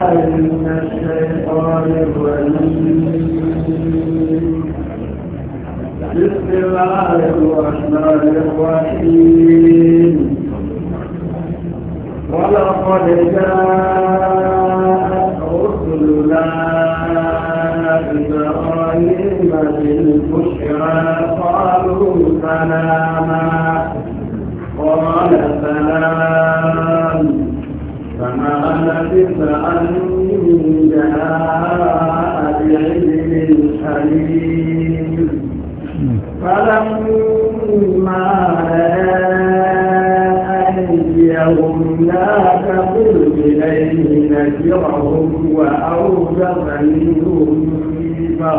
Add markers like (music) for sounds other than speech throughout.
بسم الله الرحمن الرحيم ولقد جاءت رسلنا إبراهيم بالبشرى قالوا سلاما قال سلام فما لبث أن جاء بعلم حليم فلما رأى أيديهم لا تقل إليه نكرهم وأوجب منهم خيفة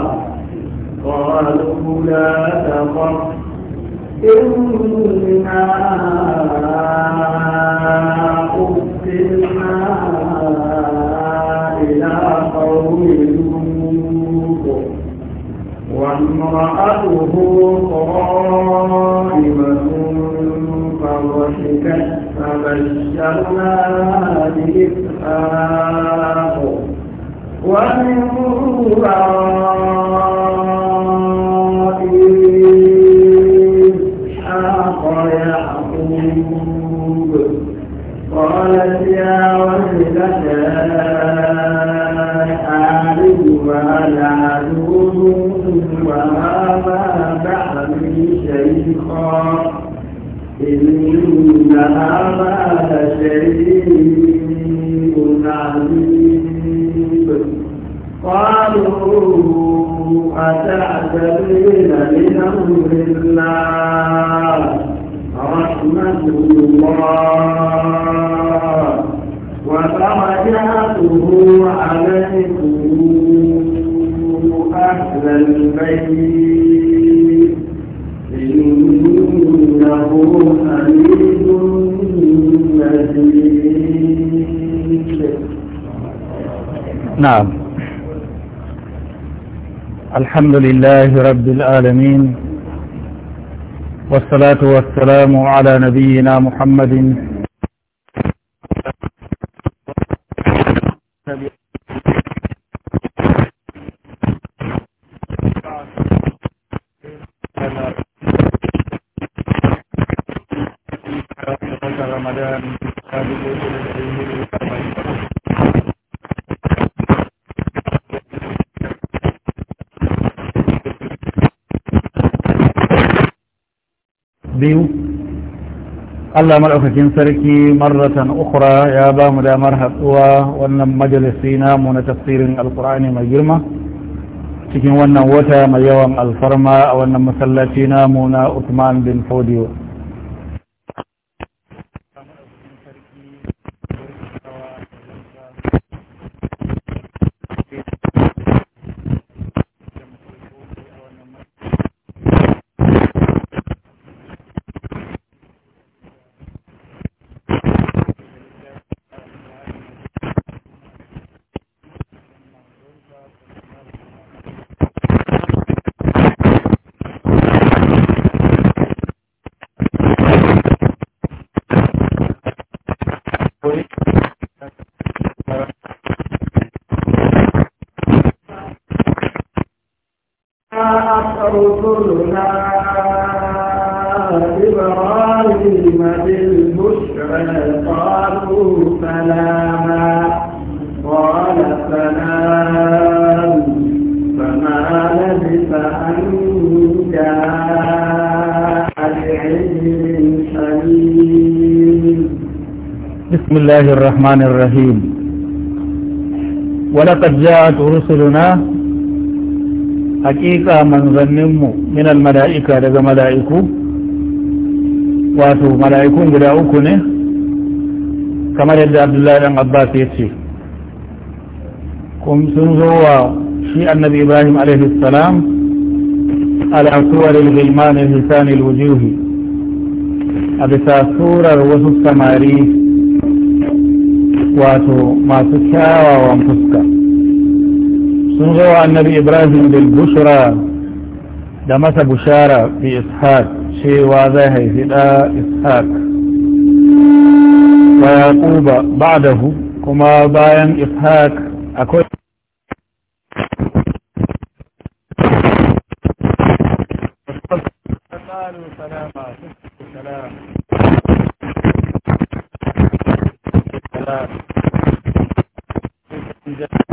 قالوا لا تخف إنا أرسلنا إلى قوم لوط وامرأته قائمة فضحكت فبشرناها بإسحاق ومن وراء قالت يا ويلتى أعلم وأنا عجوز وهذا بعدي شيخا إن هذا لشيء عجيب قالوا أتعتبرين من أمر الله ورحمة الله وبركاته عليكم أهل البيت إنه حميد مجيد نعم الحمد لله رب العالمين والصلاة والسلام على نبينا محمد Allah maɗaukakin sarki marratan ukura ya ba mu damar haɗuwa wannan majalisi namu na tafsirin alkur'ani mai girma cikin wannan wata mai yawan alfarma a wannan masallaci namu na Uthman bin Fodiyo الله الرحمن الرحيم ولقد جاءت رسلنا حقيقة من ظنم من الملائكة لذا ملائك واتو ملائكون قد كما يدى عبد الله بن عباس يتشي كم سنزوا شيء النبي إبراهيم عليه السلام على صور الغلمان الهسان الوجوه أبسا صورة وسط سماريه wato masu kyawawan fuska sun zo wa annabi ibrahim bil bushra da masa bushara fi ishaq cewa zai haifi da ishaq wa yaquba ba'dahu kuma bayan ishaq He's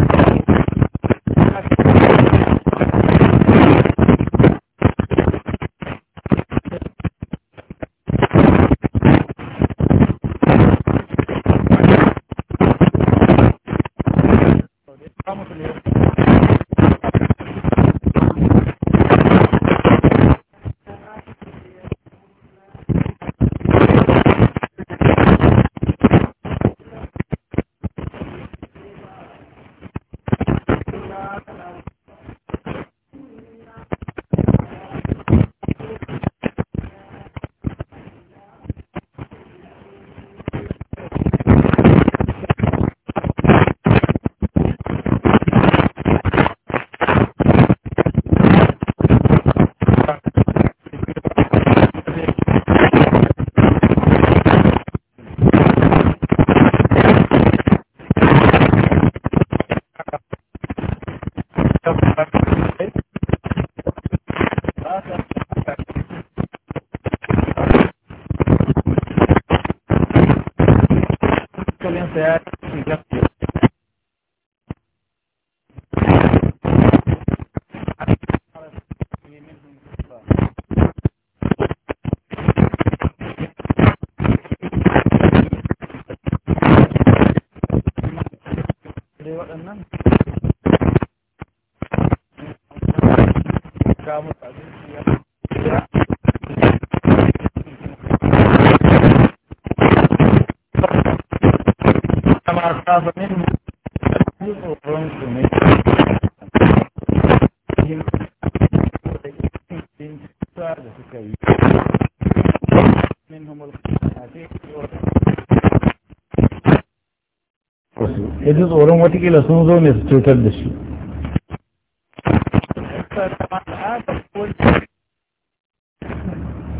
yanzu tsoron watakila sun zo ne su cutar da shi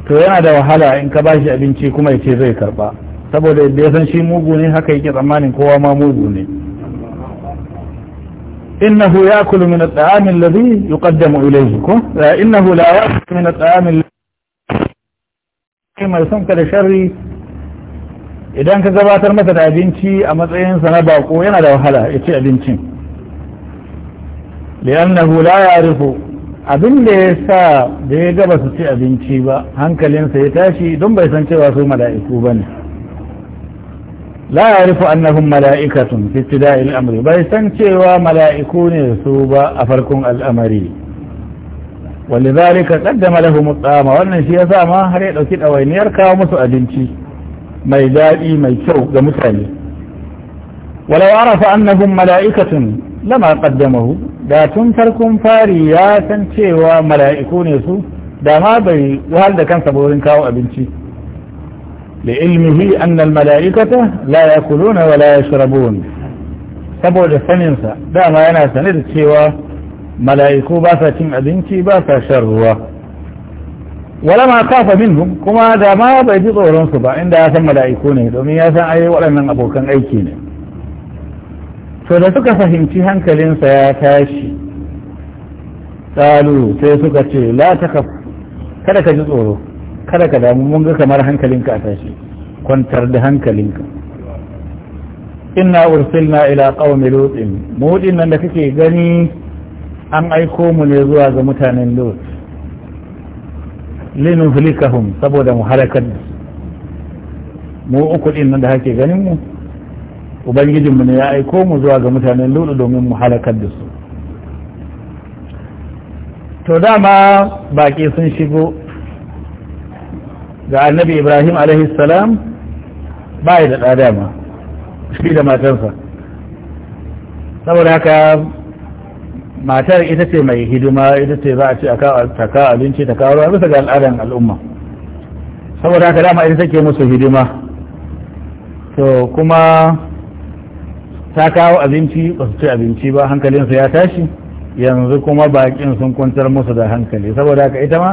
to yana da wahala in ka bashi abinci kuma ya ce zai karba saboda yadda ya san shi mugu ne haka yake tsammanin kowa ma mugu ne إنه يأكل من الطعام الذي يقدم إليه إنه لا يأكل من الطعام الذي mai son ka da sharri idan ka gabatar masa da abinci a matsayinsa na bako yana da wahala ya ci abincin li'annahu la ya'rifu abin da ya sa bai gaba su ci abinci ba hankalinsa ya tashi don bai san cewa su mala'iku bane la ya rufu annahum mala'ikatun fi tida'il bai san cewa mala'iku ne su ba a farkon al'amari ولذلك قدم لهم الطعام wannan shi yasa ma har ya ɗauki dawainiyar kawo musu abinci mai daɗi mai kyau ga mutane walau arafa annahum mala'ikatun lama qaddamahu da tun farkon fari ya san cewa mala'iku ne su da ma bai wahal da kansa wurin kawo abinci لعلمه أن الملائكة لا يأكلون ولا يشربون saboda saninsa dama yana sane da cewa mala'iku ba sa cin abinci ba sa shan ruwa wala ma kafa minhum kuma dama bai ji tsoronsu ba inda ya san mala'iku ne domin ya san ai waɗannan abokan aiki ne to da suka fahimci hankalinsa ya tashi tsalu sai suka ce la ta kada ka ji tsoro kada ka damu mun ga kamar hankalinka a tashi kwantar da hankalinka inna ursilna ila qaumi lutin mu nan da kake gani an aiko mu ne zuwa ga mutanen lut linuhlikahum saboda mu halakar da mu uku din nan da kake ganin mu ubangijin mu ne ya aiko mu zuwa ga mutanen lut domin mu halakar da su to dama baki sun shigo ga annabi ibrahim alaihissalam ba ya da ɗadama shi da matansa saboda haka matar ita ce mai hidima ita ce za a ce ta kawo abinci ta kawo ruwa bisa ga al'adan al'umma saboda haka dama ita take musu hidima to kuma ta kawo abinci ba su ci abinci ba hankalinsu ya tashi yanzu kuma bakin sun kwantar musu da hankali saboda haka ita ma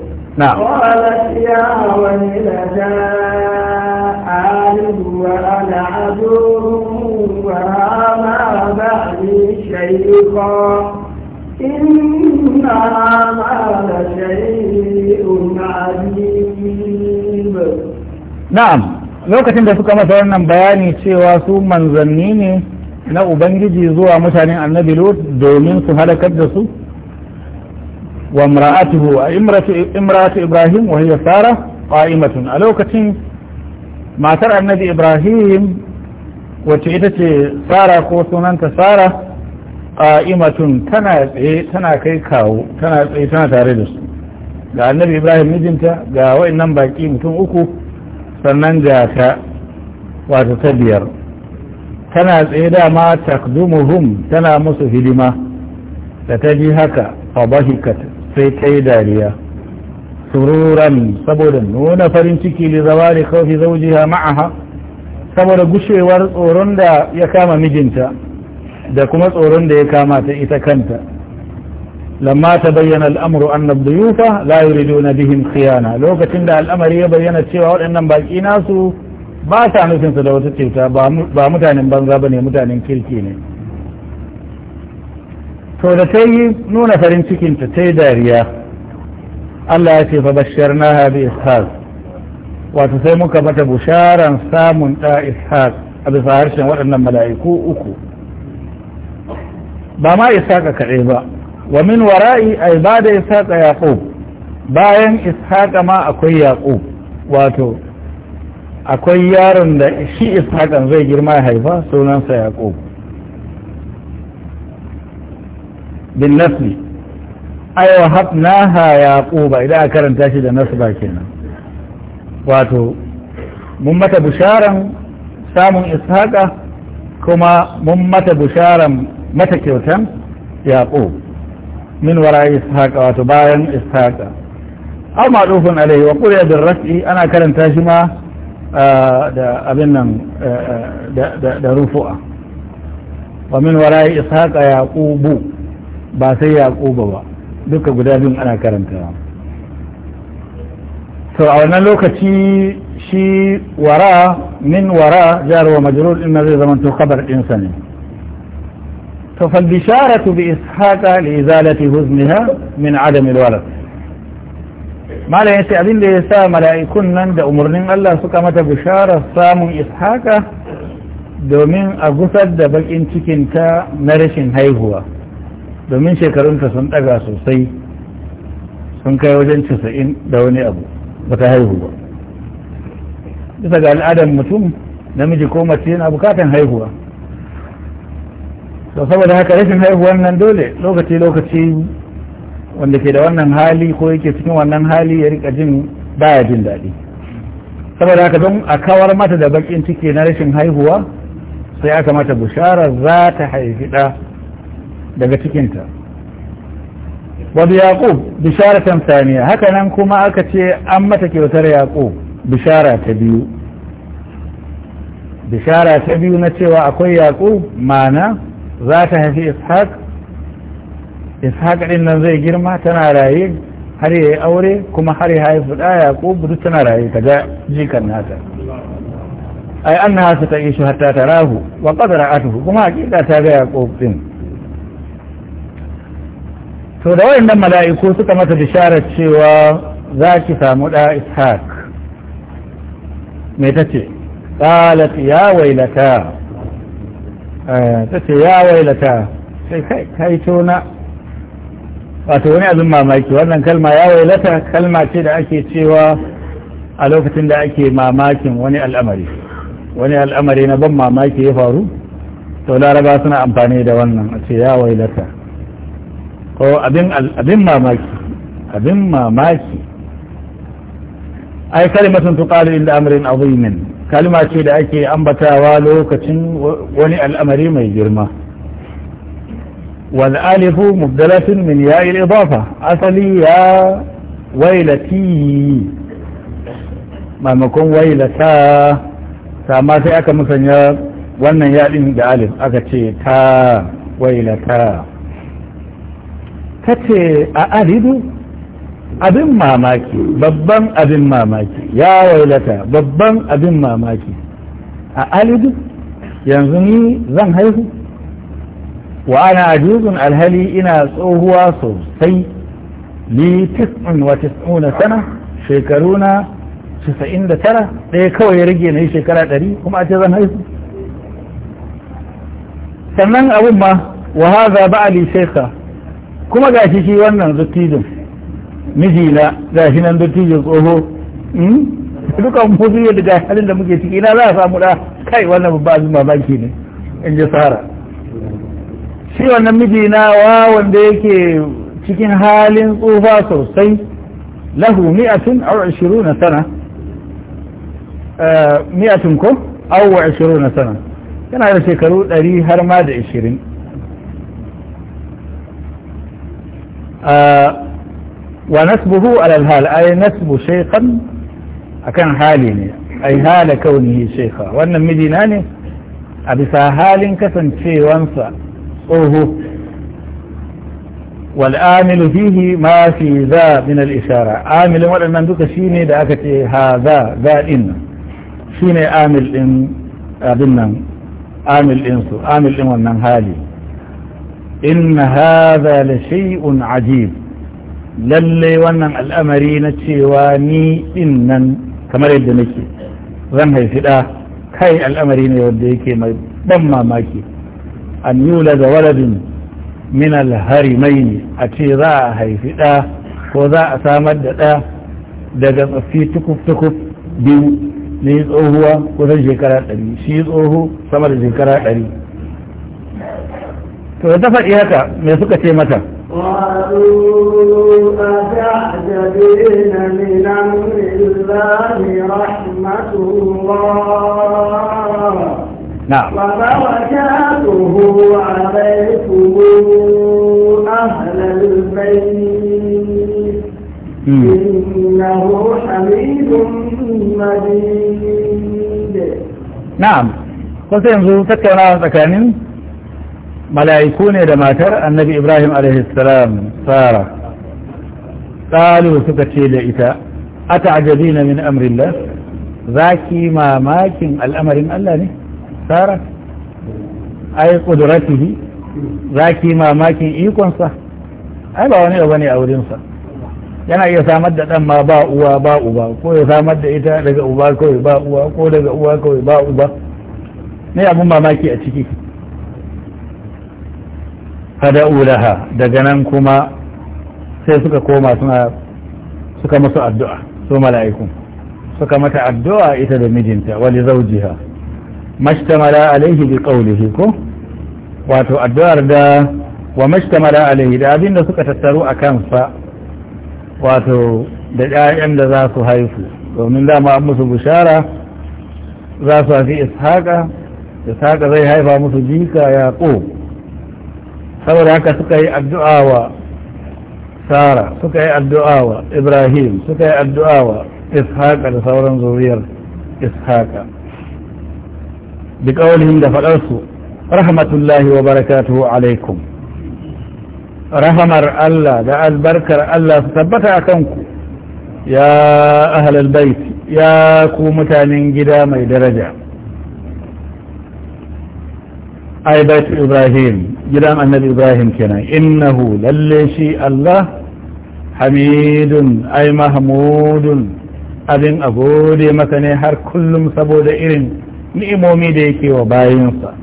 نعم قالت يا ويلتى آلد وأنا عدو وما بعدي شيخا إن هذا شيء عجيب نعم lokacin da suka masa wannan bayani cewa su manzanni ne na Ubangiji zuwa mutanen annabi Lut domin su halakar da su وامرأته وامرأة إبراهيم وهي سارة قائمة ألو كتن ما ترى النبي إبراهيم وتعيدت سارة قوسونا سارة قائمة تنا تنا كيكاو تنا تنا تاردس ga annabi ibrahim mijinta ga wa'annan baƙi mutum uku sannan ga ta wato ta biyar tana tsaye dama takdumuhum tana masu hidima da ta ji haka fa sai ta yi dariya sururan saboda nuna farin ciki da zawa da kawfi zaujiha ma'aha saboda gushewar tsoron da ya kama mijinta da kuma tsoron da ya kama ta ita kanta lamma ta bayyana al'amuru an nabduyufa la na bihim khiyana lokacin da al'amari ya bayyana cewa waɗannan baƙi nasu ba ta nufinsu da wata cuta ba mutanen banza ba ne mutanen kirki ne to da ta yi nuna farin cikinta ta yi dariya Allah ya ce fa bashiyar na habi ishaq wato sai muka mata busharan samun ɗa ishaq a bisa harshen waɗannan mala'iku uku ba ma ishaqa kaɗai ba wa min wara'i ai ba da ishaqa yaqub bayan ishaqa ma akwai yaqub wato akwai yaron da shi ishaqan zai girma haifa sunansa yaqub bin nasli ai wa habnaha yaquba idan a karanta shi da nasba kenan wato mun mata bisharan samun ishaqa kuma mun mata bisharan mata kyautan yaqub min wara ishaqa wato bayan ishaqa aw ma'rufun alayhi wa qul bil raf'i ana karanta shi ma ah, da abin nan eh, eh, da rufu'a wa min wara ba sai yaquba ba duka guda biyun ana karantawa to a wannan lokaci shi wara min wara jarwa wa majrur zai zama to khabar ne to fal bi ishaqa li izalati huzniha min adam al malam yace abin da yasa mala'ikun nan da umarnin Allah suka mata bisharar samun ishaqa domin a gusar da bakin cikinta na rashin haihuwa domin shekarunta sun ɗaga sosai sun kai wajen casa'in da wani abu ba ta haihu ba bisa ga al'adar mutum namiji ko mace yana bukatan haihuwa to saboda haka rashin haihuwan nan dole lokaci-lokaci wanda ke da wannan hali ko yake cikin wannan hali ya rika jin baya jin daɗi saboda haka don a kawar mata da bakin ciki na rashin haihuwa sai aka mata bushara za ta haifi ɗa daga cikinta wadda yaƙub ta saniya hakanan kuma aka ce an mata kyautar yaƙub bishara ta biyu bishara ta biyu na cewa akwai yaƙub mana za ta haifi ishaq ishaq ɗin nan zai girma tana raye har ya yi aure kuma har ya haifi ɗa yaƙub duk tana raye ta ga jikan nata ai an na hasa ta ishu hatta ta rahu wa ƙadara kuma hakika ta ga yaƙub ɗin to da wayannan mala'iku suka mata bisharar cewa za ki samu da ishaq me ce? qalat ya wailata eh, ta ce ya wailata sai kai kai tona wato wani abin mamaki wannan kalma ya wailata kalma ce da ake cewa a lokacin da ake mamakin wani al'amari wani al'amari na ban mamaki ya faru to laraba suna amfani da wannan a ce ya wailata so abin mamaki abin mamaki ai kalimatun tuqalu inda amrin azimin kalima ce da ake ambatawa lokacin wani al'amari mai girma wal alifu mubdalatun min ya'il idafa asali ya wailati maimakon wailata ma sai aka musanya wannan yaɗin da alif aka ce ta wailata ta ce a Alidu abin mamaki babban abin mamaki ya wailata babban abin mamaki a alidu yanzu ni zan haihu wa ana ajuzun alhali ina tsohuwa sosai ni tis'in wa tis'una sana shekaruna casa'in da tara ɗaya kawai ya rage na yi shekara ɗari kuma a ce zan haihu sannan abin ma wa haza ba'ali shekha kuma ga shi shi wannan zuttijin mijina ga shi nan dattijin tsoho hmm? dukan mu zuwa daga halin da muke ciki na za a samu da kai wannan babba abin mamaki ne in ji sara shi wannan mijina wa wanda yake cikin halin tsufa sosai lahu mi'atun aw na sana eh, mi'atun ko aw na sana yana da shekaru ɗari har ma da 20 ونسبه على الهال أي نسب شيخا أكان حالي أي هال كونه شيخا وأن مديناني أبسا هال كسن شي وانسى أوه والآمل فيه ما في ذا من الإشارة آمل وأن ندوك شيني دعكت هذا ذا إن شيني آمل إن أبنن آمل إنسو آمل إن وأن هالي إن هذا لشيء عجيب للي ونن الأمري نتشيواني إنن كما يد نكي ذن هي فدا كاي الأمري نوديك بما ماكي أن يولد ولد من الهرمين أتي ذا هي فدا وذا أسامد ذا daga fi tukuf-tukuf biyu ne tsohuwa kusan shekara ɗari shi tsoho sama da shekara ɗari to ta faɗi haka me suka قالوا أتعجبين من أمر الله رحمة الله نعم وبركاته عليكم أهل البيت إنه حميد مجيد نعم قلت ينزل تكلم على mala'iku ne da matar annabi ibrahim alaihissalam tsara ƙalu suka ce da ita a ta'ajabi na min amrillah za ki mamakin al'amarin allah ne tsara ai ƙuduratihi za ki mamakin ikonsa ai ba wani abu ne a wurinsa yana iya samar da ɗan ma ba uwa ba uba ko ya samar da ita daga uba kawai ba uwa ko daga uwa kawai ba uba ne abin mamaki a ciki fada'u laha daga nan kuma sai suka koma suna suka musu addu'a su mala'iku suka mata addu'a ita da mijinta wali zaujiha mashtamala alaihi bi qawlihi ko wato addu'ar da wa mashtamala alaihi da abin da suka tattaru a kansa wato da ƴaƴan da za su haifu domin dama an musu bushara za su haifi ishaqa ishaqa zai haifa musu jika yaqub saboda haka suka yi addu'a wa sara suka yi addu'a wa ibrahim suka yi addu'a wa ishaqa da sauran zuriyar ishaqa bi da faɗarsu rahmatullahi wa barakatuhu alaikum rahamar Allah da albarkar Allah su tabbata a kanku ya ahalar bait. ya ku mutanen gida mai daraja ai baitu ibrahim gidan annabi ibrahim kenan innahu lalle shi allah hamidun ai mahmudun abin a gode masa ne har kullum saboda irin ni'imomi da yake wa bayansa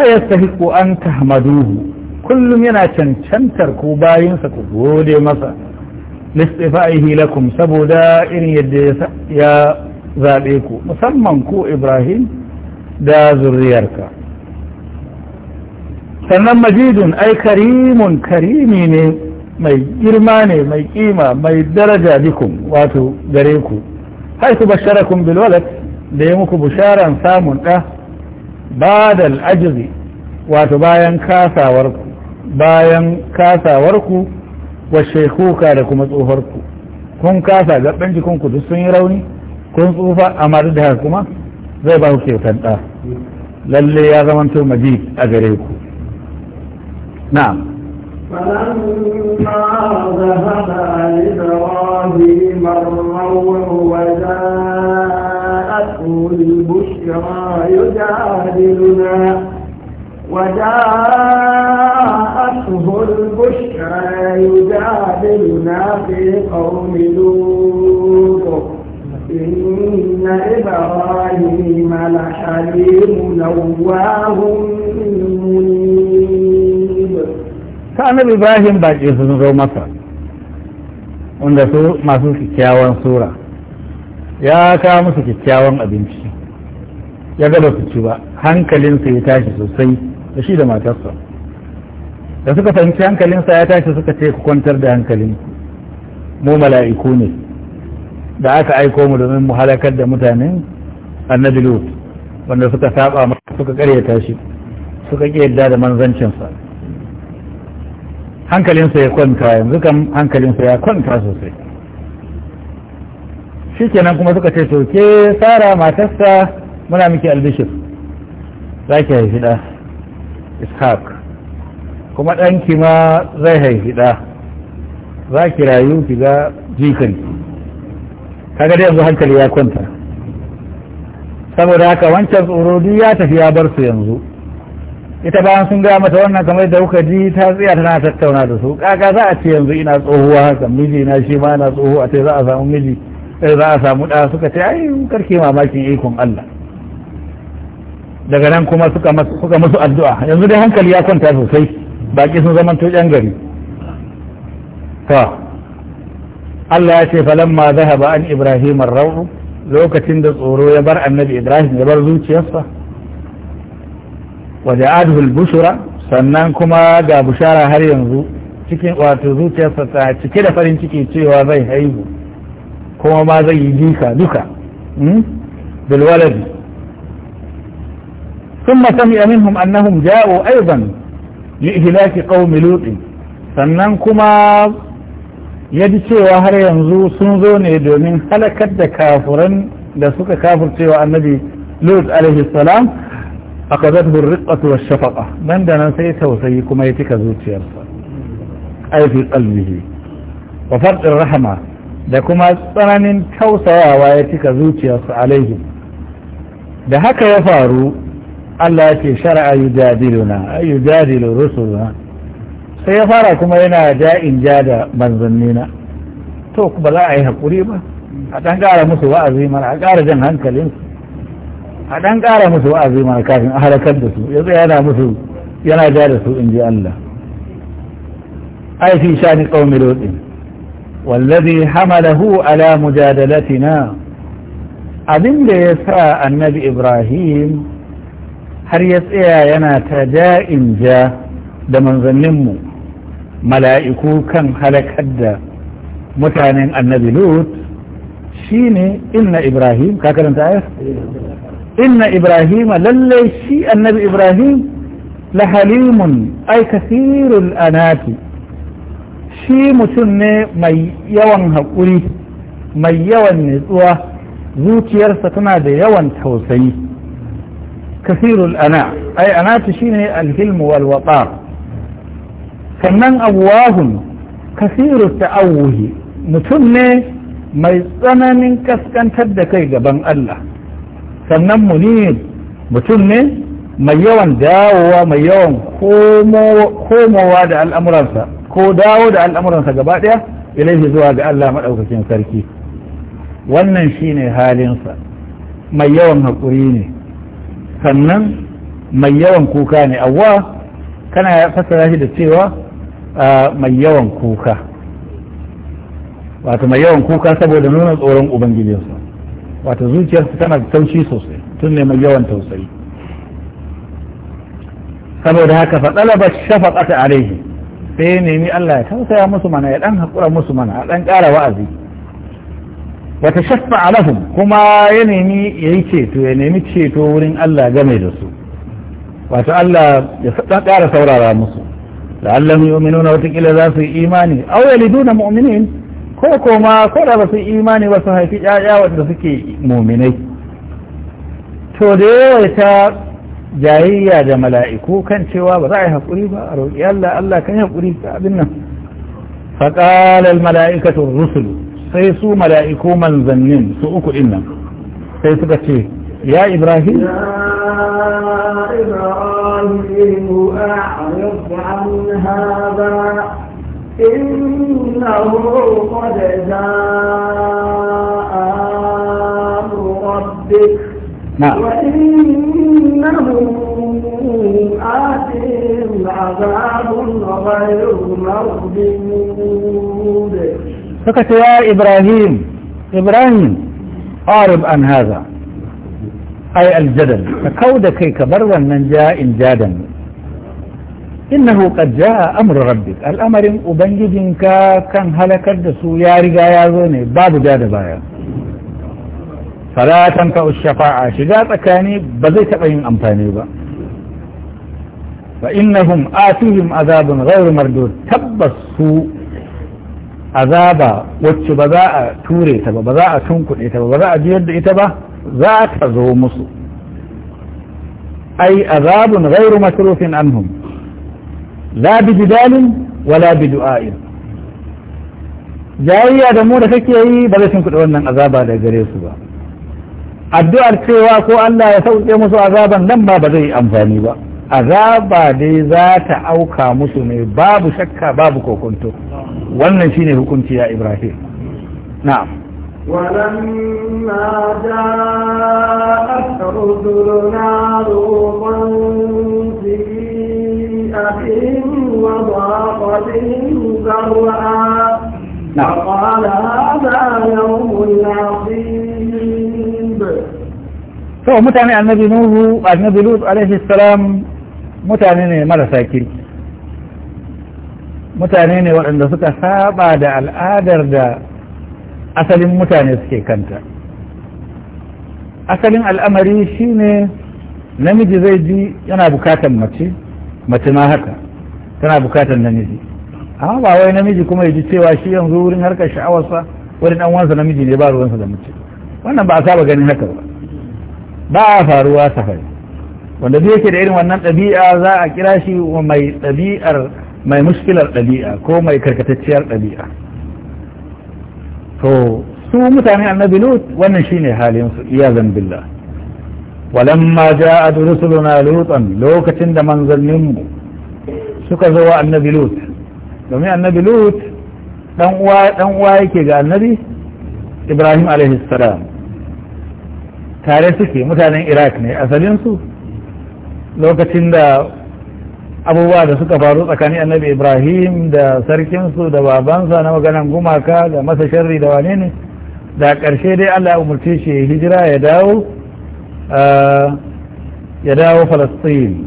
a yastahiqu an tahmaduhu kullum yana cancantar ku bayinsa ku gode masa listifaihi lakum saboda irin yadda ya zaɓe ku musamman ku ibrahim da zuriyarka sannan majidun ai karimun karimi ne mai girma ne mai kima mai daraja bikum wato gare ku haitu basharakum bil da ya muku bisharan samun ɗa ba da al'ajizi wato bayan kasawarku bayan kasawarku wa shekuka da kuma tsoharku kun kasa gaban jikinku duk sun yi rauni kun tsufa amma duk da haka kuma zai ba ku kyautan ɗa lalle ya zamanto majid a gare ku نعم فلما ذهب إبراهيم الروح وجاءته البشرى يجادلنا وجاءته البشرى يجادلنا في قوم لوط إن إبراهيم لحليم نواه ta annabi ibrahim baƙi sun zo masa wanda su masu kyakkyawan sura ya kawo musu kyakkyawan abinci ya gaba su ci ba hankalinsa ya tashi sosai da shi da matarsa da suka fahimci hankalinsa ya tashi suka ce ku kwantar da hankalin mu mala'iku ne da aka aiko mu domin mu halakar da mutanen annabi lut wanda suka saba suka karyata shi suka ƙi yadda da manzancinsa hankalinsa ya kwanta yanzu kam hankalinsa ya kwanta sosai shi kenan kuma suka ce to ke tsara matarsa muna miki albishir za ki haifi ɗa ishaq kuma ɗanki ma zai haifi ɗa za ki rayu ki ga jikin kaga dai yanzu hankali ya kwanta saboda haka wancan tsoro duk ya tafi ya bar su yanzu ita bayan sun gaya mata wannan kamar da kuka ji ta tsaya tana tattauna da su kaka za a ce yanzu ina tsohuwa haka miji na shi ma na tsoho a ce za a samu miji Sai eh, za a samu da suka ce ai karke mamakin ikon Allah daga nan kuma suka masu addu'a yanzu dai hankali ya kwanta sosai baki sun zama yan gari to Allah ya ce falamma zahaba an Ibrahim ar lokacin da tsoro ya bar annabi Ibrahim ya bar zuciyarsa وجعله البشرى سننكما جاء بشارة هل ينظو تكين واتذو تيسطع تكين فرين تكين تيوى بي هيو كما ما زي جيكا دوكا بالولد ثم سمع منهم أنهم جاءوا أيضا لإهلاك قوم لوط سننكما yadda cewa har yanzu sun zo ne domin halakar da kafuran da suka kafurce wa annabi أخذته الرقة والشفقة من دانا سيسوسيكم يتك زوتي أرسل أي في قلبه وفرق الرحمة لكما tsananin tausayawa ya cika zuciyarsu alaihim da haka ya faru Allah ke ce shara'a yujadiluna yujadilu sai ya fara kuma yana ja'in ja da manzannina to ba za a yi haƙuri ba a ɗan ƙara musu wa'azi mana a ƙara jan hankalinsu a ɗan ƙara musu wa'azi ma kafin a halakar da su yanzu yana musu yana ja da su in ji Allah ai fi shani qaumi lutin wallazi hamalahu ala mujadalatina abin da ya sa annabi Ibrahim har ya tsaya yana ta ja'in ja da manzanninmu mala'iku kan halakar da mutanen annabi Lut shine inna Ibrahim ka karanta ayar inna ibrahima lallai shi annabi ibrahim la halimun ai kasirul anati shi mutum ne mai yawan haƙuri mai yawan nutsuwa zuciyarsa tana da yawan tausayi kasirul ana ai anatu shine alhilmu wal waqar sannan abuwahun ta ta'awuhi mutum ne mai tsananin kaskantar da kai gaban Allah sannan ni mutum ne mai yawan dawowa mai yawan komowa da al'amuransa ko dawo da al'amuransa gaba ɗaya ilaihi zuwa ga Allah maɗaukakin sarki wannan shi ne halinsa mai yawan haƙuri ne sannan mai yawan kuka ne awwa kana fassara shi da cewa mai yawan kuka wato mai yawan kuka saboda nuna tsoron ubangijinsa wato zuciyarsu tana taushi sosai tun ne mai yawan tausayi saboda haka fa talaba shafaqata alaihi sai nemi Allah ya tausaya musu mana ya ɗan haƙura musu mana a ɗan ƙara wa'azi Wata tashaffa lahum kuma ya nemi yayi ceto ya nemi ceto wurin Allah game da su wato Allah ya dan ƙara saurara musu la'allahu yu'minuna wa taqila za su imani aw yaliduna mu'minin ko kuma ko da ba su imani ba su haifi ƴaƴa wanda suke muminai to da yawaita jayayya da mala'iku kan cewa ba za a yi haƙuri ba a roƙi Allah Allah kan yi haƙuri ta abin nan faƙalar mala'ikatu rusul sai su mala'iku manzannin su uku ɗin nan sai suka ce ya ibrahim ya ibrahim إنه قد جاء أمر ربك نعم وإنهم آتهم عذاب غير مردود فقط يا إبراهيم إبراهيم أعرض عن هذا أي الجدل فكودك كبر من جاء جادا إنه قد جاء أمر ربك الأمر أبنجد إنك كان هلك الدسو يا رجايا ذوني بعد جاد بايا فلا تنفع الشفاعة شجاعة كاني بذيت قيم أمتاني با فإنهم آتيهم عذاب غير مردود تبسوا عذابا وچ بذاء توري تبا بذاء تنكن إتبا بذاء جيد إتبا ذاك زومص أي عذاب غير مكروف عنهم la bi jidalin wala bi du'a'in jayayya da mu da kake yi ba zai kuɗa wannan azaba da gare su ba addu'ar cewa ko Allah ya sauke musu azaban nan ma ba zai yi amfani ba azaba dai za ta auka musu ne babu shakka babu kokonto wannan shine hukunci a Ibrahim na'am بهم وضاق بهم a وقال هذا يوم عصيب to mutane annabi nuhu annabi lut alaihi salam mutane ne marasa kirki mutane ne waɗanda suka saba da al'adar da asalin mutane suke kanta asalin al'amari shine namiji zai ji yana bukatan mace mace ma haka tana bukatar namiji amma ba wai namiji kuma ya ji cewa shi yanzu wurin harkar sha'awarsa wani dan wansa namiji ne ba ruwansa da mace wannan ba a saba ganin haka ba ba a faruwa safari wanda duk yake da irin wannan ɗabi'a za a kira shi mai ɗabi'ar mai muskilar ɗabi'a ko mai karkatacciyar ɗabi'a to su mutane annabi lut wannan shine halin su iya billah walamma ja'at rusuluna lutan lokacin da manzanninmu suka zo wa annabi lut domin annabi lut dan uwa yake ga annabi ibrahim alaihi salam tare suke mutanen iraq ne asalin su lokacin da abubuwa da suka faru tsakanin annabi ibrahim da sarkinsu da babansa na maganan gumaka da masa sharri da wane ne da ƙarshe dai allah umarce shi hijira ya dawo ya dawo falastin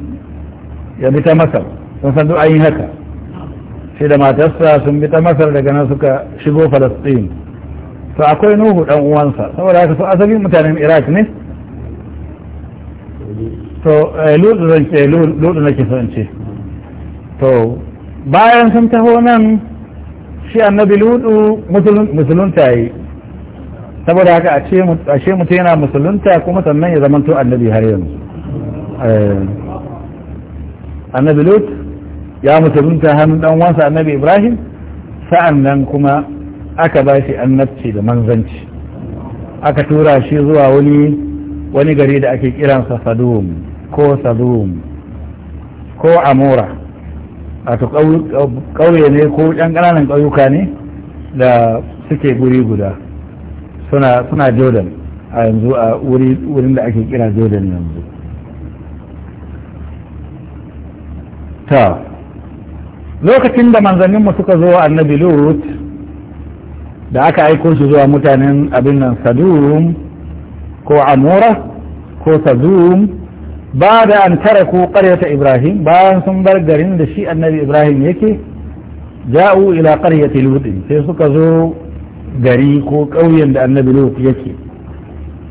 ya bi ta masar sun san an yi haka shi da matarsa sun bi ta masar daga nan suka shigo falastin to akwai nuhu dan uwansa saboda haka su asalin mutanen iraq ne to lulu zan ce lulu nake son ce to bayan sun taho nan shi annabi lulu musulun yi saboda haka a ce mutu yana musulunta kuma sannan ya zamanto annabi har yanzu eh, annabi lut ya musulunta hannun dan wansa annabi ibrahim sa'an nan kuma aka ba shi annabci da manzanci aka tura shi zuwa wani wani gari da ake kiransa sadum ko sadum ko amora wato ƙauye ne ko yan ƙananan ƙauyuka ne da suke guri guda suna suna jordan a yanzu a wurin da ake kira jordan yanzu ta lokacin da manzanninmu suka zo annabi lut da aka aiko shi zuwa mutanen abin nan sadum ko amura ko sadum ba da an tara ko ƙaryata ibrahim bayan sun bar garin da shi annabi ibrahim yake ja'u ila ƙaryata lutin sai suka zo gari ko ƙauyen da annabi lut yake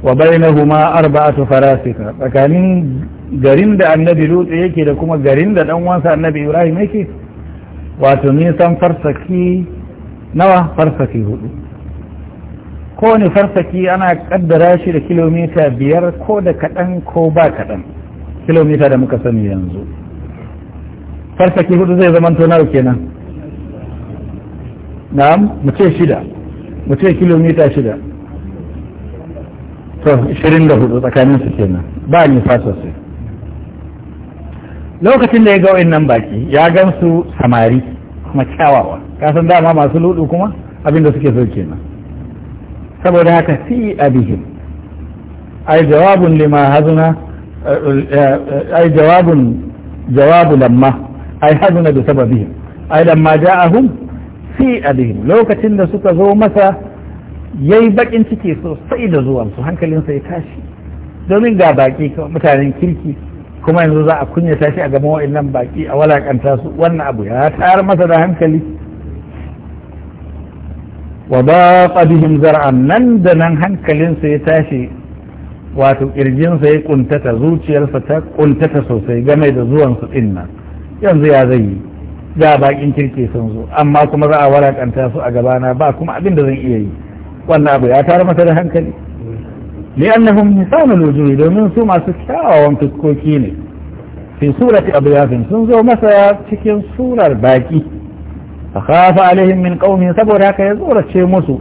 wa bainahuma arba'atu farasika tsakanin garin da annabi lut yake da kuma garin da dan wansa annabi ibrahim yake wato nisan farsaki nawa farsaki hudu kowane farsaki ana kaddara shi da kilomita biyar ko da kaɗan ko ba kaɗan kilomita da muka sani yanzu farsaki hudu zai zama tonar kenan na'am mu ce shida mu ce kilomita shida to 24 tsakanin su kenan ba nisa sosai lokacin da ya ga nan baki ya gan su samari kuma kyawawa kasan dama masu ludu kuma abinda suke so kenan saboda haka fi abihim ai jawabun lima hazuna eh, eh, ai jawabun jawabu lamma ai hazuna da sababihim ai lamma ja'ahum fi alihim lokacin da suka zo masa ya yi bakin ciki sosai da zuwansu hankalinsa ya tashi domin ga baki mutanen kirki kuma yanzu za a kunya tashi a wa'in nan baki a walakanta su wannan abu ya tayar masa da hankali wa ba bihim zar'an nan da nan hankalinsa ya tashi wato kirginsa ya kuntata zuciyarsa ta kuntata sosai game da zuwan su dinnan yanzu ya zai yi da bakin kirke sun zo amma kuma za a walakanta su a gabana ba kuma abin da zan iya yi wannan abu ya tara masa da hankali li'annahum misalul lujuri domin su masu kyawawan fuskoki ne fi surati abyafin sun zo masa cikin surar baki fa khafa alaihim min qaumi saboda haka ya tsorace musu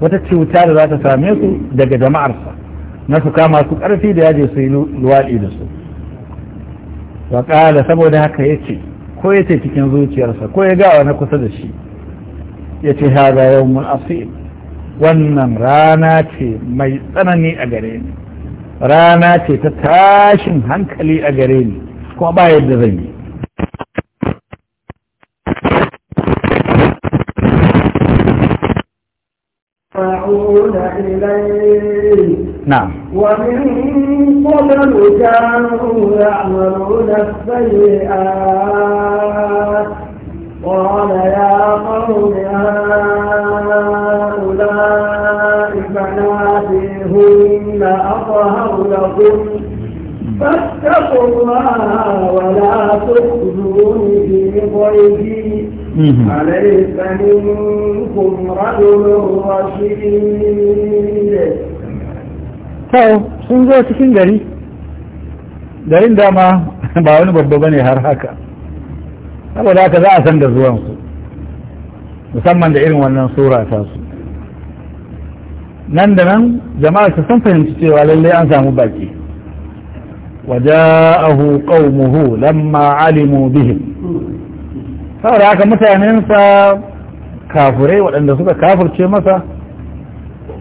wata cuta da za ta same su daga jama'ar sa, na su kama su karfi da yaje su yi luwaɗi da su wa saboda haka ya ce ko ya ce cikin zuciyarsa ko ya gawa na kusa da shi ya ce haza yau mun wannan rana ce mai tsanani a gare ni rana ce ta tashin hankali a gare ni kuma ba yadda zan yi يسمعون إليه نعم ومن قبل كانوا يعملون السيئات قال يا قوم هؤلاء بناتي هن أطهر لكم فاتقوا الله ولا تخزوني في ضيفي أليس منكم رجل رشيد to sun zo cikin gari garin dama ba wani babba bane har haka saboda haka za a san da zuwansu musamman da irin wannan sura ta su nan da nan jama'a su sun fahimci cewa lallai an samu baki وجاءه قومه لما علموا بهم saboda haka mutanensa kafurai waɗanda suka kafurce masa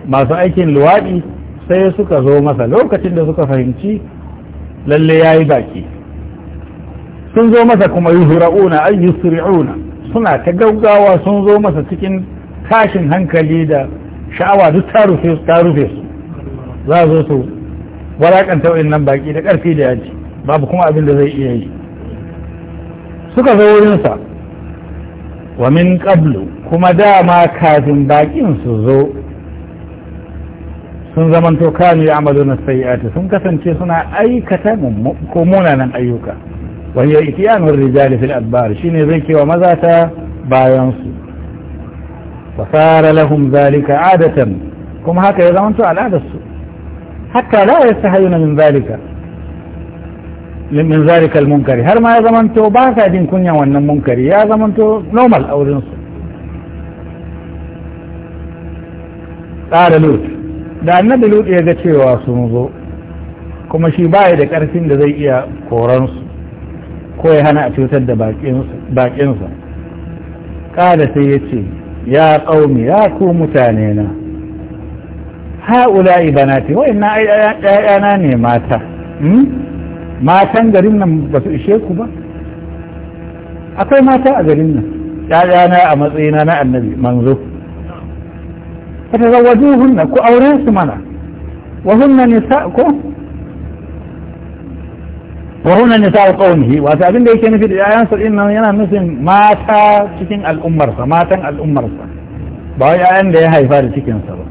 masu aikin luwaɗi sai suka zo masa lokacin da suka fahimci lalle ya yi baki sun zo masa kuma yi hura'una an yi suri'una suna ta gaggawa sun zo masa cikin tashin hankali da sha'awa duk ta rufe su za zo su walakanta wa'in nan baki da ƙarfi da yaji babu kuma abin da zai iya yi suka zo wurinsa wa min qablu kuma dama kafin bakin su zo sun zamanto kanu ya amadu na sayyati sun kasance suna aikata ko munanan ayyuka wani ya itiyanun rijali fil adbar shine zai kewa maza ta bayan su fasara lahum zalika adatan kuma haka ya zamanto al'adar su hatta la yastahayuna min zalika min zalikal munkari har ma ya zamanto ba sa jin kunyan wannan munkari ya zamanto normal auren su tsara lut da annabi lut ya ga cewa sun zo kuma shi baya da karfin da zai iya koransu ko ya hana a cutar da bakinsa Kada sai ya ce ya ƙaumi ya ku mutane na ha'ula'i banati wa'ina 'ya'yana ne mata matan garin nan ba su ishe ku ba akwai mata a garin nan ‘ya'yana a matsayina na annabi manzo ka ta zawaju hunna ku aure su mana wa hunna nisa ko wa hunna nisa qaumihi wato abin da yake nufi da ‘ya'yansa din nan yana nufin mata cikin al'ummarsa matan al'ummarsa ba wai da ya haifa da cikinsa ba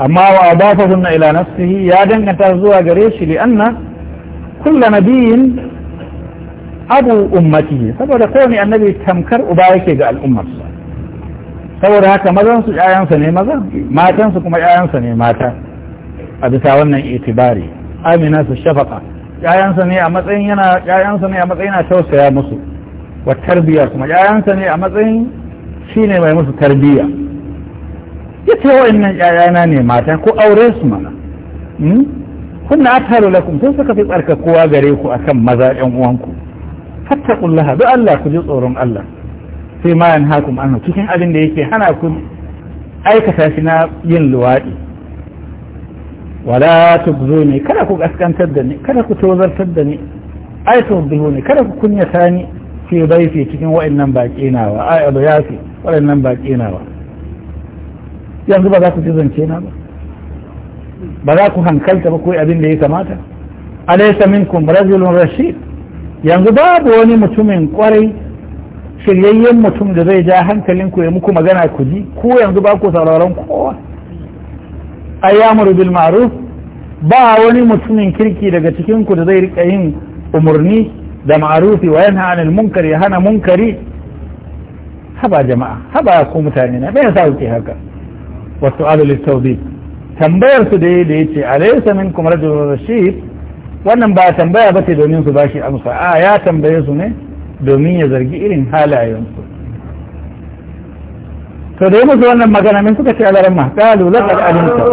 amma wa adafahunna ila nafsihi ya danganta zuwa gare shi li'anna kulla nabiyin abu ummati saboda kowane annabi tamkar uba yake ga al'ummarsa saboda haka mazan su ƴaƴansa ne maza matan su kuma ƴaƴansa ne mata a bisa wannan itibari amina su shafaqa ƴaƴansa ne a matsayin yana ƴaƴansa ne a matsayin na tausaya musu wa tarbiyya kuma ƴaƴansa ne a matsayin shine mai musu tarbiyya yace wa'annan ƴaƴana ne mata ko aure su mana kunna atharu lakum sun suka fi kowa gare ku akan maza ƴan uwanku fattaqullaha do Allah ku ji tsoron Allah sai ma yanhakum anhu cikin abin da yake hana ku aikata shi na yin luwadi wala tubzuni kada ku gaskantar da ni kada ku tozartar da ni ai tubzuni kada ku kunyata ni fi daifi cikin wa'annan baki nawa ai abu yafi wa'annan baki nawa yanzu ba za ku ji zance na ba ba za ku hankalta ba ku abin da ya kamata alaysa minkum rajulun rashid yanzu babu wani mutumin kwarai shiryayyen mutum da zai ja hankalin ku ya muku magana ku ji ku yanzu ba ku sauraron kowa ayyamu bil ma'ruf ba wani mutumin kirki daga cikin ku da zai rika yin umarni da ma'rufi wa yanha anil munkari ya hana munkari haba jama'a haba ku mutane na me yasa kuke haka wasu alu tawbi tambayar su dai da yace min kuma rajulun rashid wannan ba tambaya ba ce domin su bashi amsa a ya tambaye su ne domin ya zargi irin halayen su to da yi musu wannan magana min suka ce alaran ma kalu laqad alimta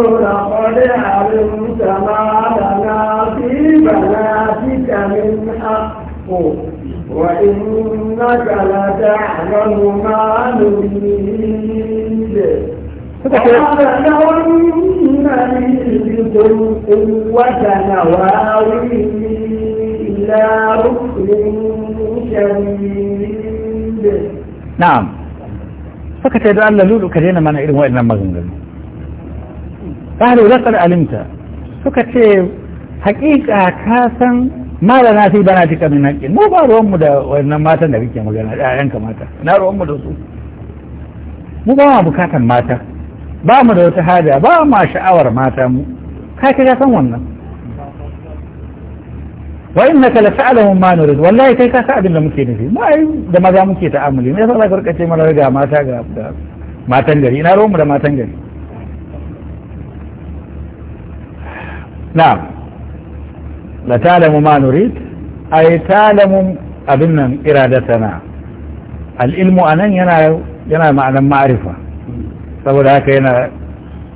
وإنك لتعلم ما نريد suka ce na'am suka ce da Allah lulu ka daina mana irin waɗannan maganganu qalu laqad alimta suka ce haƙiƙa ka san mala na fi bana tika min haƙƙi mu ba ruwanmu da wannan matan da kake magana ɗayan mata, na ruwanmu da su mu ba ma bukatan mata ba mu da wata haja ba ma sha'awar mata mu ka ka san wannan wa innaka la ta'lamu ma nurid wallahi kai ka sa abin da muke nufi mu ai da maza muke ta'amuli me yasa za ka rika mana ga mata ga matan gari ina ruwan mu da matan gari na'am la ta'lamu ma nurid ay ta'lamu abin nan iradatana al-ilmu anan yana yana ma'anan ma'rifa saboda haka yana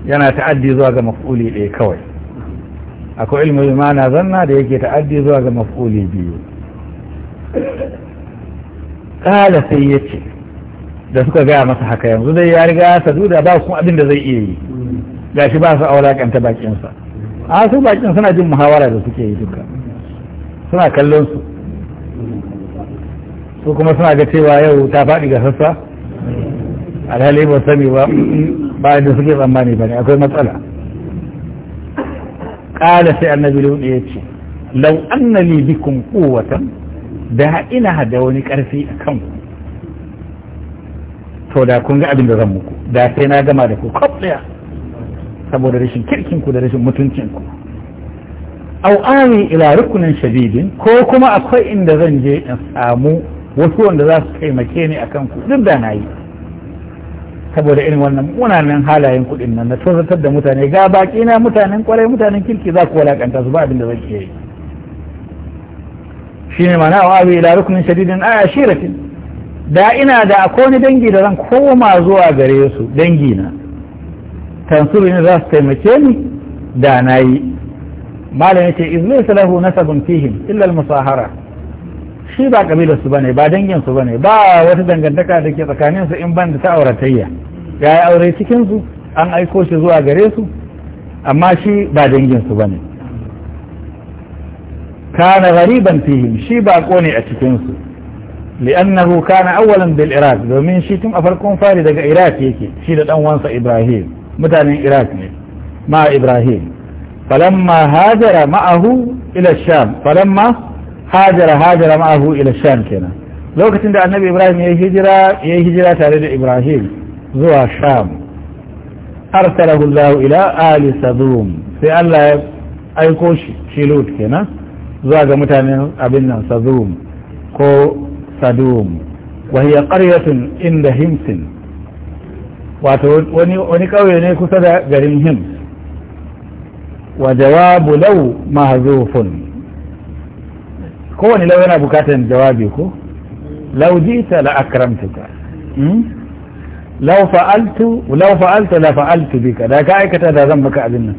yana ta'addi zuwa ga maf'uli ɗaya kawai akwai ilmu imana zanna da yake ta'addi zuwa ga maf'uli biyu kala sai ya ce da suka gaya masa haka yanzu dai ya riga ta duda ba kuma abin da zai iya yi gashi ba su aura kanta bakinsa a su bakin suna jin muhawara da suke yi duka suna kallon su su kuma suna ga cewa yau ta faɗi ga sassa alhali ba sani ba ba da suke tsammani ba ne akwai matsala ƙala sai annabi ya ce lau annali bikum kowatan da ina da wani ƙarfi a kanku to da kun ga abin da zan muku da sai na gama da ku kwaf ɗaya saboda rashin kirkin ku da rashin mutuncin ku au ami ila rukunin shadidin ko kuma akwai inda zan je in samu wasu wanda za su taimake ni akan ku duk da na yi saboda irin wannan munanan halayen kuɗin nan na tozartar da mutane ga baki na mutanen kwarai mutanen kirki za ku walakanta su ba abin da zai iya yi shine mana wa abi ila rukunin shadidin a ashiratin da ina da akwai wani dangi da zan koma zuwa gare su dangi na tansuru ne za su taimake ni da na yi malam yace iz salahu lahu nasabun fihim illa al-musahara shi ba kabilar su bane ba dangin su bane ba wata dangantaka da ke tsakanin su in ban da ta auratayya ya yi aure cikin su an aiko shi zuwa gare su amma shi ba dangin su bane kana ghariban fihim shi ba ne a cikin su li'annahu kana awwalan bil iraq domin shi tun a farkon fari daga iraq yake shi da dan wansa ibrahim mutanen iraq ne ma ibrahim falamma hajara ma'ahu ila sham falamma hajara hajara ma'ahu ila sham kenan lokacin da annabi ibrahim ya hijira ya hijira tare da ibrahim zuwa sham arsalahu allah ila ali sadum sai allah ya aiko shi shilut kenan zuwa ga mutanen abin nan sadum ko sadum wa hiya qaryatun inda himsin wato wani wani kauye ne kusa da garin him wa jawabu law mahzufun kowane lau yana bukatar jawabi ko lau jita la akramtuka hmm? lau fa'altu lau fa'altu la fa'altu bika da ka aikata da zan baka abin nan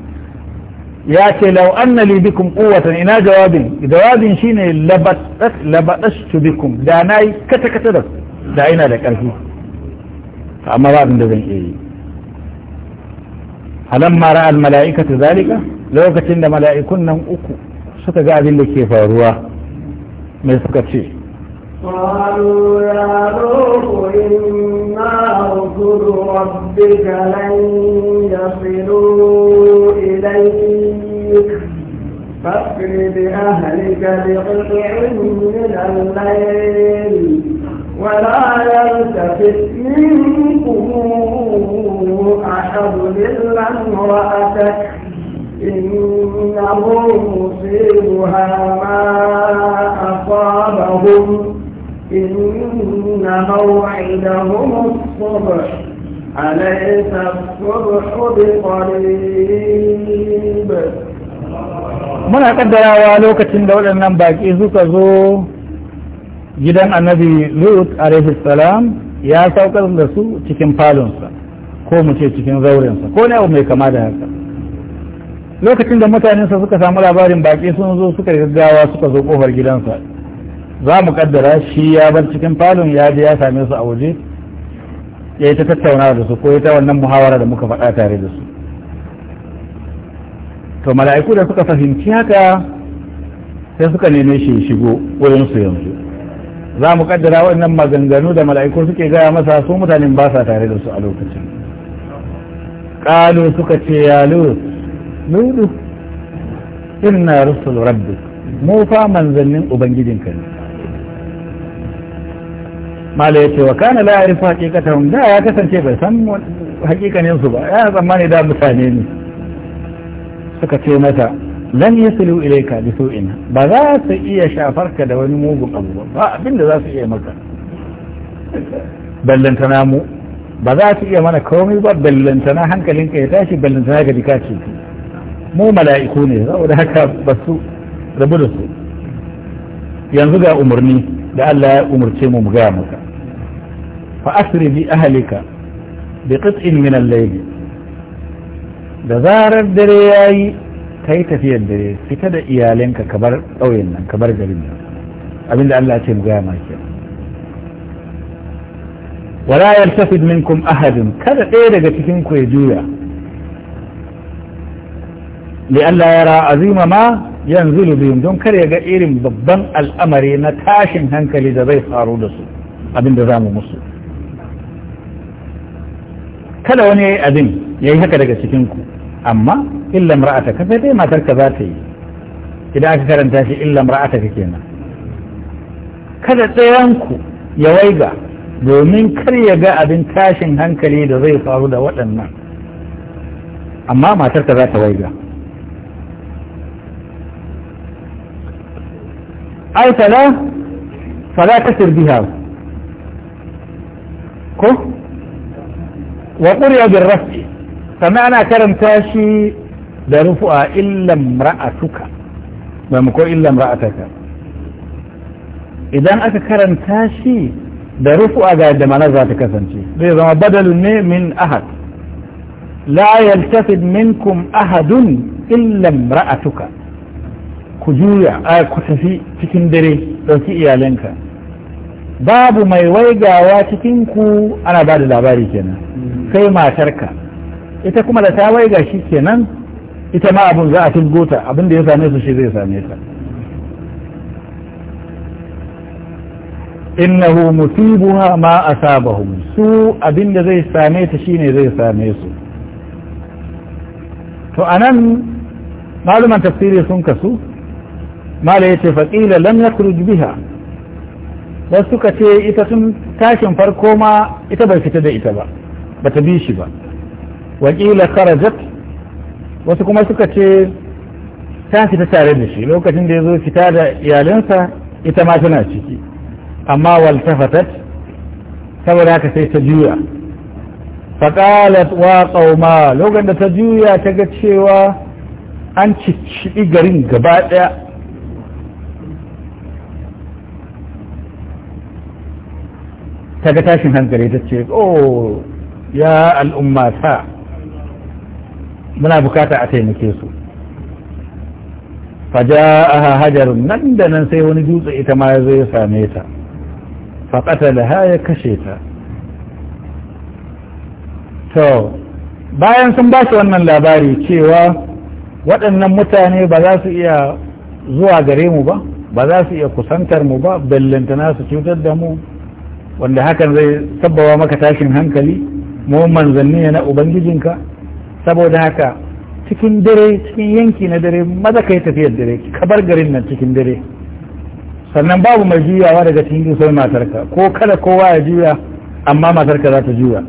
ya ce lau anna li bikum quwwatan ina jawabin jawabin shine labatat labatastu bikum da nayi kata kata da da ina da karfi amma ba abin da zan iya yi halamma ra'a al mala'ikatu zalika lokacin da mala'ikun nan uku suka ga abin da ke faruwa ما suka قالوا يا روح إنا رسل ربك لن يصلوا إليك فأسر بأهلك بقطع من الليل ولا يلتفت منكم أحد إلا امرأتك إنه مصيبها ما أصابهم إن موعدهم الصبح أليس الصبح بقريب muna kaddarawa lokacin da waɗannan baƙi suka zo gidan annabi lut alaihi salam ya saukar da su cikin falonsa ko mu ce cikin zaurensa ko ne mai kama da haka lokacin da mutanensa suka samu labarin baƙi sun zo suka gaggawa suka zo ƙofar gidansa za mu kaddara shi ya bar cikin falon ya je ya same su a waje ya yi ta tattauna da su ko ya ta wannan muhawara da muka faɗa tare da su to mala'iku da suka fahimci haka sai suka neme shi ya shigo wurin su yanzu za mu kaddara waɗannan maganganu da mala'iku suke gaya masa su mutanen ba sa tare da su a lokacin ƙalu suka ce ya nudu inna rusul rabbi mu fa manzannin ubangijinka ne mala ya ce wa kana la yarifu haqiqatahum da ya kasance bai san hakikanin su ba ya tsammani da mutane ne suka ce mata lan yasilu ilayka bi su'in ba za su iya shafar ka da wani mugun abu ba ba abinda za su iya maka ballantana mu ba za su iya mana komai ba ballantana hankalinka ya tashi ballantana ga dika ce mu mala'iku ne saboda haka ba su rabu da su yanzu ga umarni da Allah ya umarce mu mu gaya maka fa asiri bi ahalika bi qit'in min al da zarar dare yayi kai tafiyar dare fita da iyalanka ka bar ƙauyen nan ka bar garin nan abinda Allah ya ce mu gaya maka wala yaltafid minkum ahadin kada ɗaya daga cikin ku ya juya li Allah ya ra azima ma yanzu bihim don kar ya ga irin babban al'amari na tashin hankali da zai faru da su abinda za mu musu kada wani ya yi abin ya yi haka daga cikinku amma illa ra'ata ka sai dai matarka za ta yi idan aka karanta shi illa ra'ata ka kenan kada ɗayanku ya waiga domin kar ya ga abin tashin hankali da zai faru da waɗannan amma matarka za ta waiga اي ثلاث فلا تسر بها كف وقرئ بالرفع فمعنى كرم تاشي دارفع الا امرأتك ما الا امرأتك اذا أتى كرم تاشي دارفع عندما نظرتك سنشي بيظم بدل من احد لا يلتفت منكم احد الا امرأتك ku juya a ku tafi cikin dare ɗauki iyalanka babu mai waigawa cikin ku ana ba da labari kenan sai matarka ita kuma da ta waiga shi kenan ita ma abun za a tilgota abin da ya same su shi zai same ta innahu musibuha ma asabahum su abin da zai same ta shine zai same su to anan malaman tafsiri sun kasu mala ya ce faƙila lam ya biha wasu suka ce ita sun tashin farko ma ita bai fita da ita ba ba ta bi shi ba waƙila karajat wasu kuma suka ce ta fita tare da shi lokacin da ya zo fita da iyalinsa ita ma tana ciki amma wal waltafatat saboda haka sai ta juya faƙalat wa ƙauma lokacin da ta juya ta ga cewa an cicciɗi garin gaba ɗaya ta ga tashin hankali ta ce oh ya al'umma ta muna bukata a taimake su faja a hajar nan da nan sai wani dutse ita ma ya same ta faƙata da ha ya kashe ta to bayan sun ba shi wannan labari cewa waɗannan mutane ba za su iya zuwa gare mu ba ba za su iya kusantar mu ba bellantana su cutar da mu wanda hakan zai sabbawa maka tashin hankali mu manzanni na ubangijinka saboda haka cikin dare cikin yanki na dare maza kai tafiyar dare ka bar garin nan cikin dare sannan babu mai juyawa daga cikin sai matarka ko kada kowa ya juya amma matarka za ta juya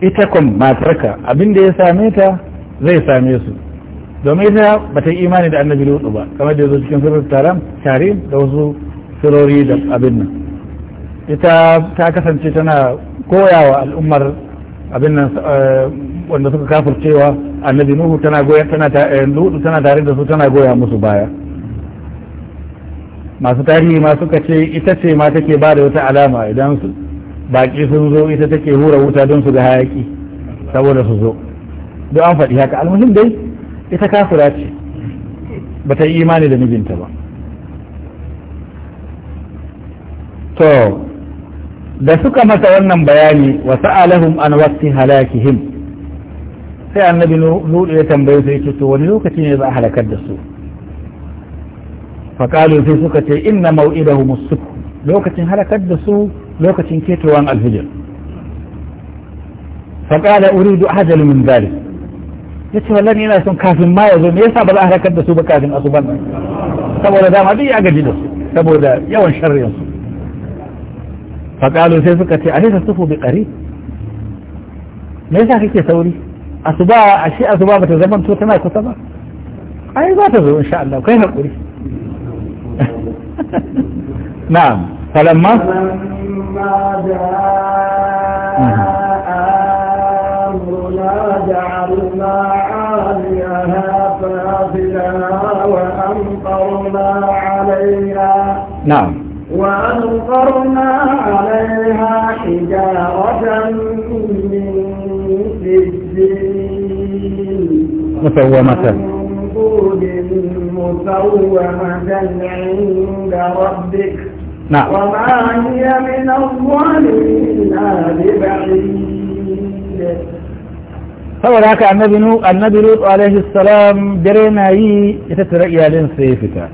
ita kun matarka abin da ya same ta zai same su domin ita ba ta yi imani da annabi lutu ba kamar da ya zo cikin sirrin taron tare da wasu sirori da abin nan ita ta kasance tana koyawa al'ummar abin nan eh, wanda suka cewa annabi nuhu tana goya tana ta eh, tana tare da su tana goya musu baya masu tarihi ma suka ce ita ce ma take ba da wata alama idan su baki sun zo ita take hura wuta don su ga hayaki saboda su zo don an faɗi haka almuhim dai ita kafura ce ba ta yi imani da mijinta ba to da suka masa wannan bayani wa sa'alahum an waqti halakihim sai annabi nuhu ya tambaye su yace to wani lokaci ne za a halakar da su fa qalu sai suka ce inna maw'idahum as-subh lokacin halakar da su lokacin ketowan al-fajr fa qala uridu ajal min dhalik yace wallahi ina son kafin ma yazo me yasa ba za a halakar da su ba kafin asuban saboda dama duk ya gaji da su saboda yawan sharrin فقالوا في فكرتي أليس الصفو بقريب ليس يساكي كي ثوري أصباء أشياء أصباء بتزمن تو كما يكتبه أي ما تزور إن شاء الله وكيف نقولي (laughs) نعم فلما فلما جاء أمرنا جعلنا عاليها فافلا وأمطرنا عليها نعم وأمطرنا عليها حجارة من مسومة مسومة عند ربك نعم وما هي من الظالمين ببعيد saboda haka annabi lut alaihi salam dare na yi ita tare iyalin sai fita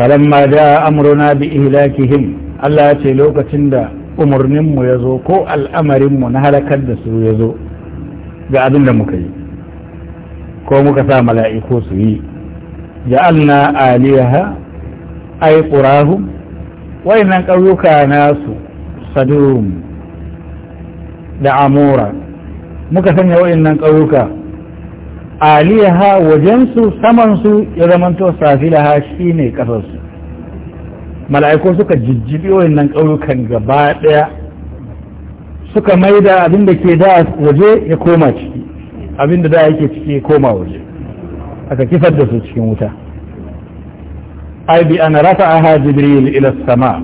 falamma da amruna bi ihlakihim Allah ya ce lokacin da umarninmu ya zo ko al'amarinmu na halakar da su ya zo ga abin da muka yi ko muka sa mala'iku su yi ja'alna aliyaha ay qurahum wayannan ƙauyuka nasu sadum da amura muka sanya wayannan ƙauyuka aliyaha wajensu samansu ya zamanto safilaha shi ne ƙasarsu mala'iku suka jijjibi wannan ƙauyukan gaba ɗaya suka maida abin da ke da waje ya koma ciki abin da da yake ciki ya koma waje aka kifar da su cikin wuta ai bi an aha jibril ila sama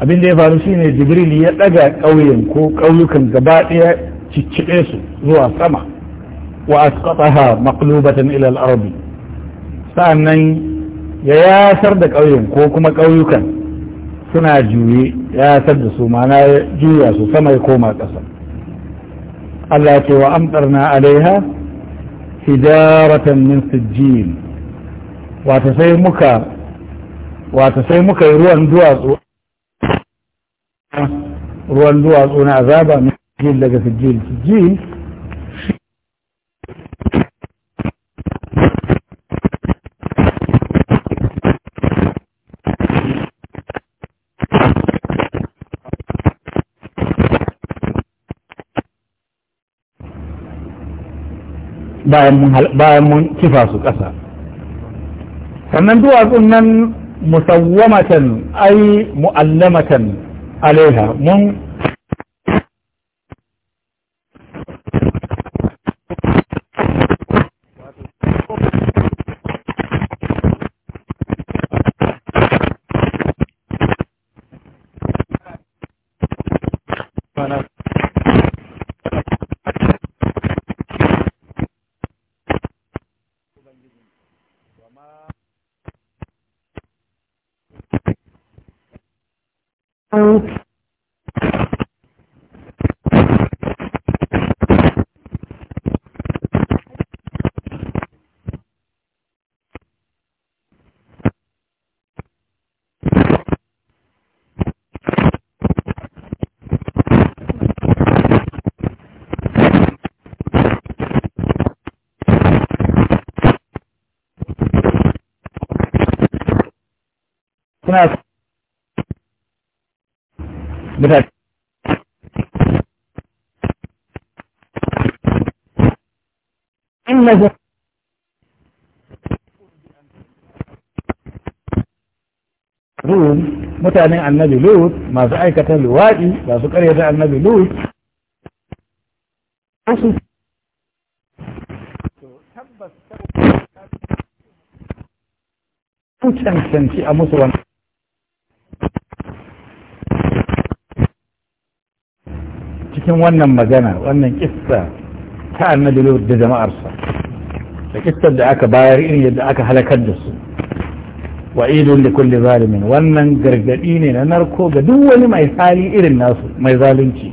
abin da ya faru shine jibril ya daga ƙauyen ko ƙauyukan gaba ɗaya cicciɓe su zuwa sama وأسقطها مقلوبة إلى الأرض يا ياسر دا قويهم كوكما قويكا سنا جوي يا دا معنا جوي سما يكوما قسم التي وأمطرنا عليها حجارة من سجين وتسيمك وتسيمك روان دواز روان دواز أنا عذابا من سجين لك سجين سجين bayan mun kifa su ƙasa sannan duwatsun nan musawwamatan ai mu'allamatan alaiha mun روم متعني النبي لوط ما زعيكة لوائي لا سكر يزع النبي لوط كم سنتي أمسوا تكون وانا مجانا وانا كفة كان النبي لوط دي جماعة أرسل da da aka bayar irin yadda aka halakar da su wa idun kulli zalimin wannan gargadi ne na narko ga duk wani mai hali irin nasu mai zalunci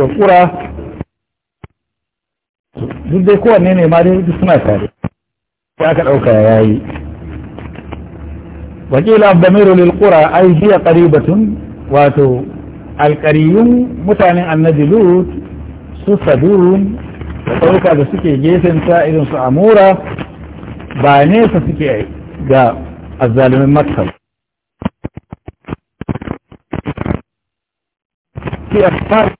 ga duk dai kowanne ne ma dai duk suna tare sai aka ɗauka ya yi wakila damiru lil qura ay hiya qaribatun wato alqariyun mutanen annabi lut su sadurun da da suke gefen ta irin su amura ba su suke ga azzalumin makka a start.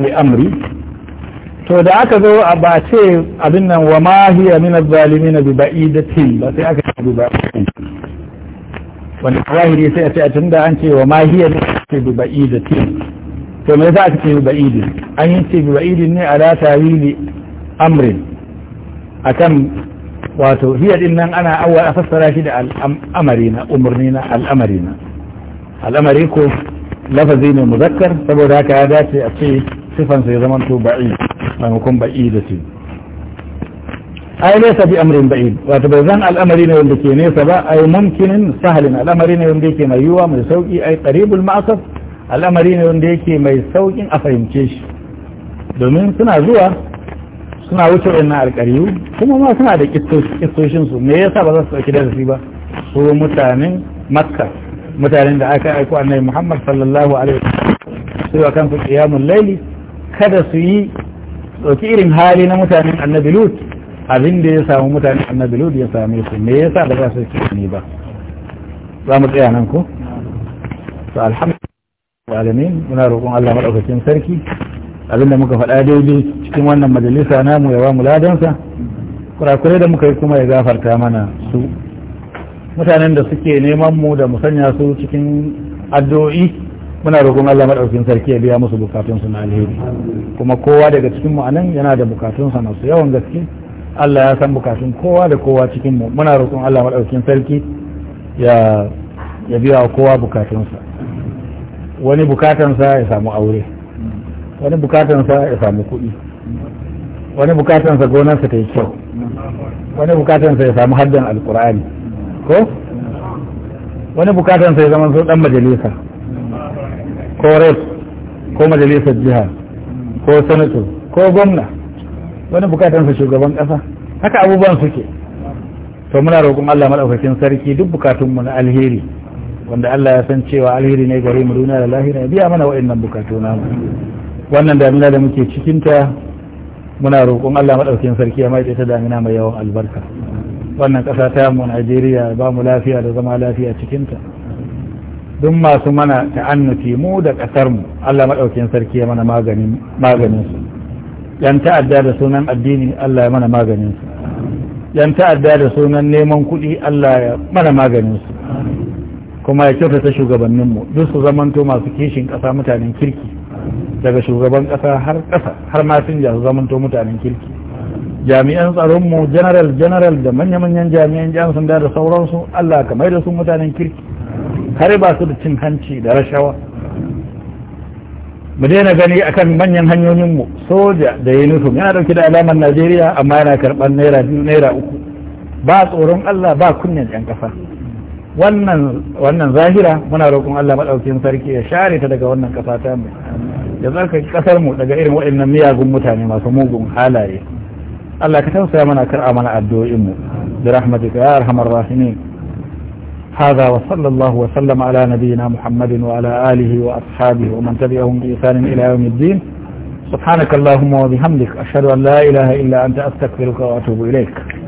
ne amri to da aka zo a ba ce abin nan wa ma hiya min az-zalimin bi ba'idatin ba sai aka ce ba wanda zahiri sai a ce a tunda an ce wa ma hiya ce bi ba'i da ba'idatin to me za a ce bi ba'i ba'idin an yi ce bi ba'i ba'idin ne ala tawili amrin kan wato hiya din nan ana awwa a fassara shi da al'amari na umurni na al'amari na al'amari ko lafazi ne muzakkar saboda haka ya dace a ce صفا زي ضمنته بعيد ما يكون بعيدة أي ليس بأمر بعيد وتبذن الأمرين يمديكي ليس أي ممكن سهل الأمرين يمديكي ما يوى ما يسوقي أي قريب المعصف الأمرين يمديكي ما يسوقي أفهم كيش دومين سنة زوى سنة وشو إنا الكريو كما ما سنة ديك إستوشن سو ميسا بذلك أكيد أسيبا هو متانين مكة متانين دعاك أكو أن محمد صلى الله عليه وسلم سوى كان في قيام الليل kada su yi ɗauki irin hali na mutanen annabi lut abin da ya samu mutanen annabi lut ya same su me yasa ba za su yi ni ba za mu tsaya nan ko to alhamdulillah alamin muna roƙon Allah madaukakin sarki abin da muka faɗa daidai cikin wannan majalisa namu ya ba mu ladansa kurakurai da muka yi kuma ya gafarta mana su mutanen da suke neman mu da mu sanya su cikin addu'o'i muna roƙon Allah madaukakin sarki ya biya musu bukatun su na alheri kuma kowa daga cikin mu anan yana da bukatun sa masu yawan gaske Allah ya san bukatun kowa da kowa cikin mu muna roƙon Allah madaukakin sarki ya ya biya kowa bukatun sa wani bukatan sa ya samu aure wani bukatan sa ya samu kuɗi wani bukatan sa gonar sa ta yi kyau wani bukatan sa ya samu haddan alƙur'ani, ko wani bukatan sa ya zama so dan majalisa ko rep ko majalisar jiha ko sanato ko gwamna wani su shugaban ƙasa haka abubuwan suke to muna roƙon Allah madaukakin sarki duk mu na alheri wanda Allah ya san cewa alheri ne gare mu duniya da lahira ya biya mana wa'annan bukatu mu wannan damina da muke cikin ta muna roƙon Allah madaukakin sarki ya mai ta damina mai yawan albarka wannan kasa ta mu Najeriya ba mu lafiya da zama lafiya cikin ta duk masu mana ta'annuti mu da ƙasar mu Allah maɗaukin sarki ya mana maganin su yan ta'adda da sunan addini Allah ya mana maganin su yan ta'adda da sunan neman kuɗi Allah ya mana maganin su kuma ya kyautata shugabannin mu duk su zamanto masu kishin ƙasa mutanen kirki daga shugaban ƙasa har ƙasa har ma sun su zamanto mutanen kirki jami'an tsaron mu general general da manya-manyan jami'an jan sun da sauransu Allah ka mai da su mutanen kirki kare ba su da cin hanci da rashawa mu daina gani akan manyan hanyoyinmu soja da yunifom yana dauke da alamar najeriya amma yana karɓar naira naira uku ba tsoron allah ba kunyan yan ƙasa wannan zahira muna roƙon allah maɗaukin sarki ya share ta daga wannan kafa ta mu ya zarka ƙasar mu daga irin waɗannan miyagun mutane masu mugun halaye allah ka tausaya mana kar'a mana addu'o'in mu da rahmatika ya arhamar rahimin هذا وصلى الله وسلم على نبينا محمد وعلى آله وأصحابه ومن تبعهم بإحسان إلى يوم الدين سبحانك اللهم وبحمدك أشهد أن لا إله إلا أنت أستغفرك وأتوب إليك